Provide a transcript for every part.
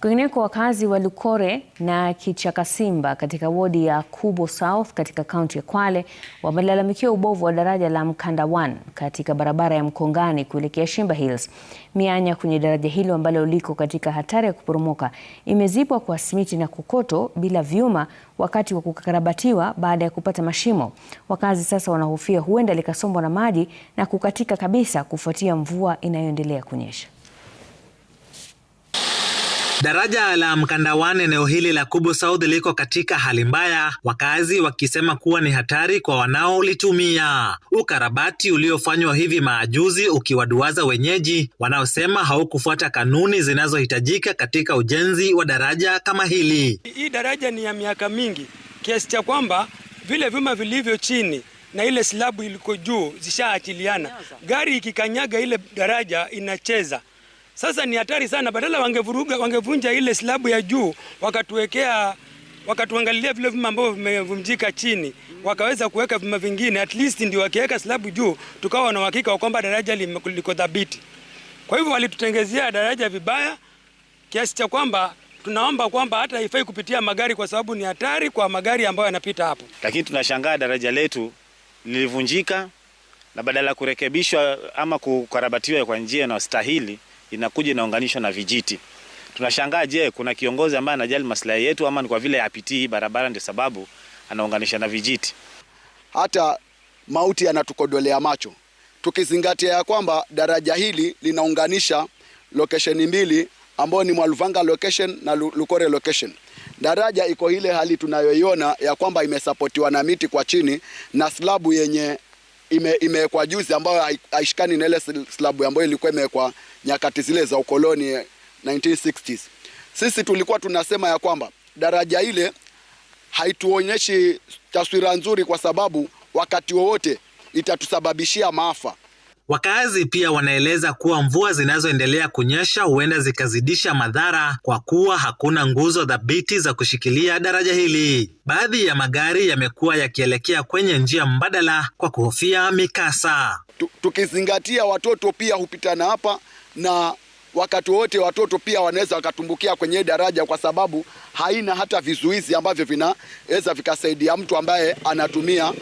Kwingineko, wakazi wa Lukore na Kichakasimba katika wodi ya Kubo South katika kaunti ya Kwale wamelalamikia ubovu wa daraja la Mkanda 1 katika barabara ya Mkongani kuelekea Shimba Hills. Mianya kwenye daraja hilo ambalo liko katika hatari ya kuporomoka imezibwa kwa simiti na kokoto bila vyuma wakati wa kukarabatiwa baada ya kupata mashimo. Wakazi sasa wanahofia huenda likasombwa na maji na kukatika kabisa kufuatia mvua inayoendelea kunyesha. Daraja la Mkandawane eneo hili la Kubu South liko katika hali mbaya, wakazi wakisema kuwa ni hatari kwa wanaolitumia. Ukarabati uliofanywa hivi majuzi ukiwaduaza wenyeji wanaosema haukufuata kanuni zinazohitajika katika ujenzi wa daraja kama hili. Hii daraja ni ya miaka mingi kiasi cha kwamba vile vyuma vilivyo chini na ile slabu iliko juu zishaachiliana, gari ikikanyaga ile daraja inacheza. Sasa ni hatari sana, badala wangevuruga, wangevunja ile slabu ya juu wakatuwekea wakatuangalia vile vyuma ambavyo vimevunjika chini, wakaweza kuweka vyuma vingine, at least ndio wakiweka slabu juu tukawa na uhakika kwamba daraja liko dhabiti. Kwa hivyo walitutengezea daraja vibaya kiasi cha kwamba tunaomba kwamba hata haifai kupitia magari kwa sababu ni hatari kwa magari ambayo yanapita hapo. Lakini tunashangaa daraja letu lilivunjika na badala ya kurekebishwa ama kukarabatiwa kwa njia inayostahili no inakuja inaunganishwa na vijiti. Tunashangaa, je, kuna kiongozi ambaye anajali maslahi yetu ama ni kwa vile hapitii hii barabara ndio sababu anaunganisha na vijiti? Hata mauti yanatukodolea macho tukizingatia ya kwamba daraja hili linaunganisha lokesheni mbili ambayo ni Mwaluvanga location na Lukore location. Daraja iko ile hali tunayoiona ya kwamba imesapotiwa na miti kwa chini na slabu yenye imewekwa juzi ambayo haishikani na ile slabu ambayo ilikuwa imewekwa nyakati zile za ukoloni 1960s. Sisi tulikuwa tunasema ya kwamba daraja ile haituonyeshi taswira nzuri, kwa sababu wakati wowote itatusababishia maafa. Wakaazi pia wanaeleza kuwa mvua zinazoendelea kunyesha huenda zikazidisha madhara kwa kuwa hakuna nguzo thabiti za kushikilia daraja hili. Baadhi ya magari yamekuwa yakielekea kwenye njia mbadala kwa kuhofia mikasa. Tukizingatia watoto pia hupitana hapa na wakati wote watoto pia wanaweza wakatumbukia kwenye daraja kwa sababu haina hata vizuizi ambavyo vinaweza vikasaidia mtu ambaye anatumia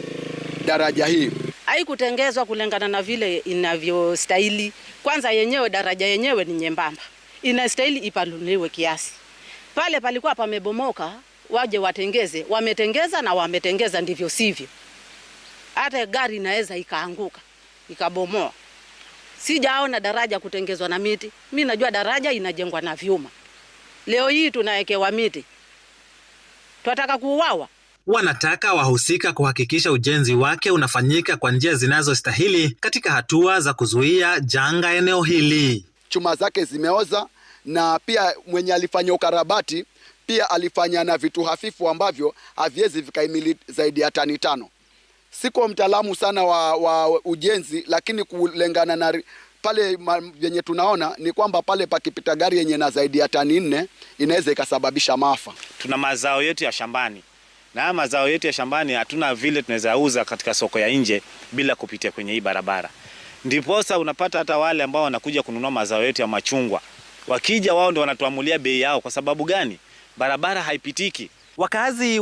daraja hii haikutengezwa kulingana na vile inavyostahili. Kwanza yenyewe daraja yenyewe ni nyembamba, inastahili ipanuliwe kiasi. Pale palikuwa pamebomoka, waje watengeze. Wametengeza na wametengeza ndivyo sivyo, hata gari inaweza ikaanguka ikabomoa. Sijaona daraja kutengezwa na miti. Mi najua daraja inajengwa na vyuma. Leo hii tunawekewa miti, twataka kuuawa? wanataka wahusika kuhakikisha ujenzi wake unafanyika kwa njia zinazostahili katika hatua za kuzuia janga eneo hili. Chuma zake zimeoza na pia mwenye alifanya ukarabati pia alifanya na vitu hafifu ambavyo haviwezi vikaimili zaidi ya tani tano. Siko mtaalamu sana wa, wa ujenzi, lakini kulengana na pale yenye tunaona ni kwamba pale pakipita gari yenye na zaidi ya tani nne inaweza ikasababisha maafa. Tuna mazao yetu ya shambani na haya mazao yetu ya shambani hatuna vile tunaweza uza katika soko ya nje bila kupitia kwenye hii barabara. Ndiposa unapata hata wale ambao wanakuja kununua mazao yetu ya machungwa, wakija wao ndio wanatuamulia bei yao. Kwa sababu gani? Barabara haipitiki. Wakazi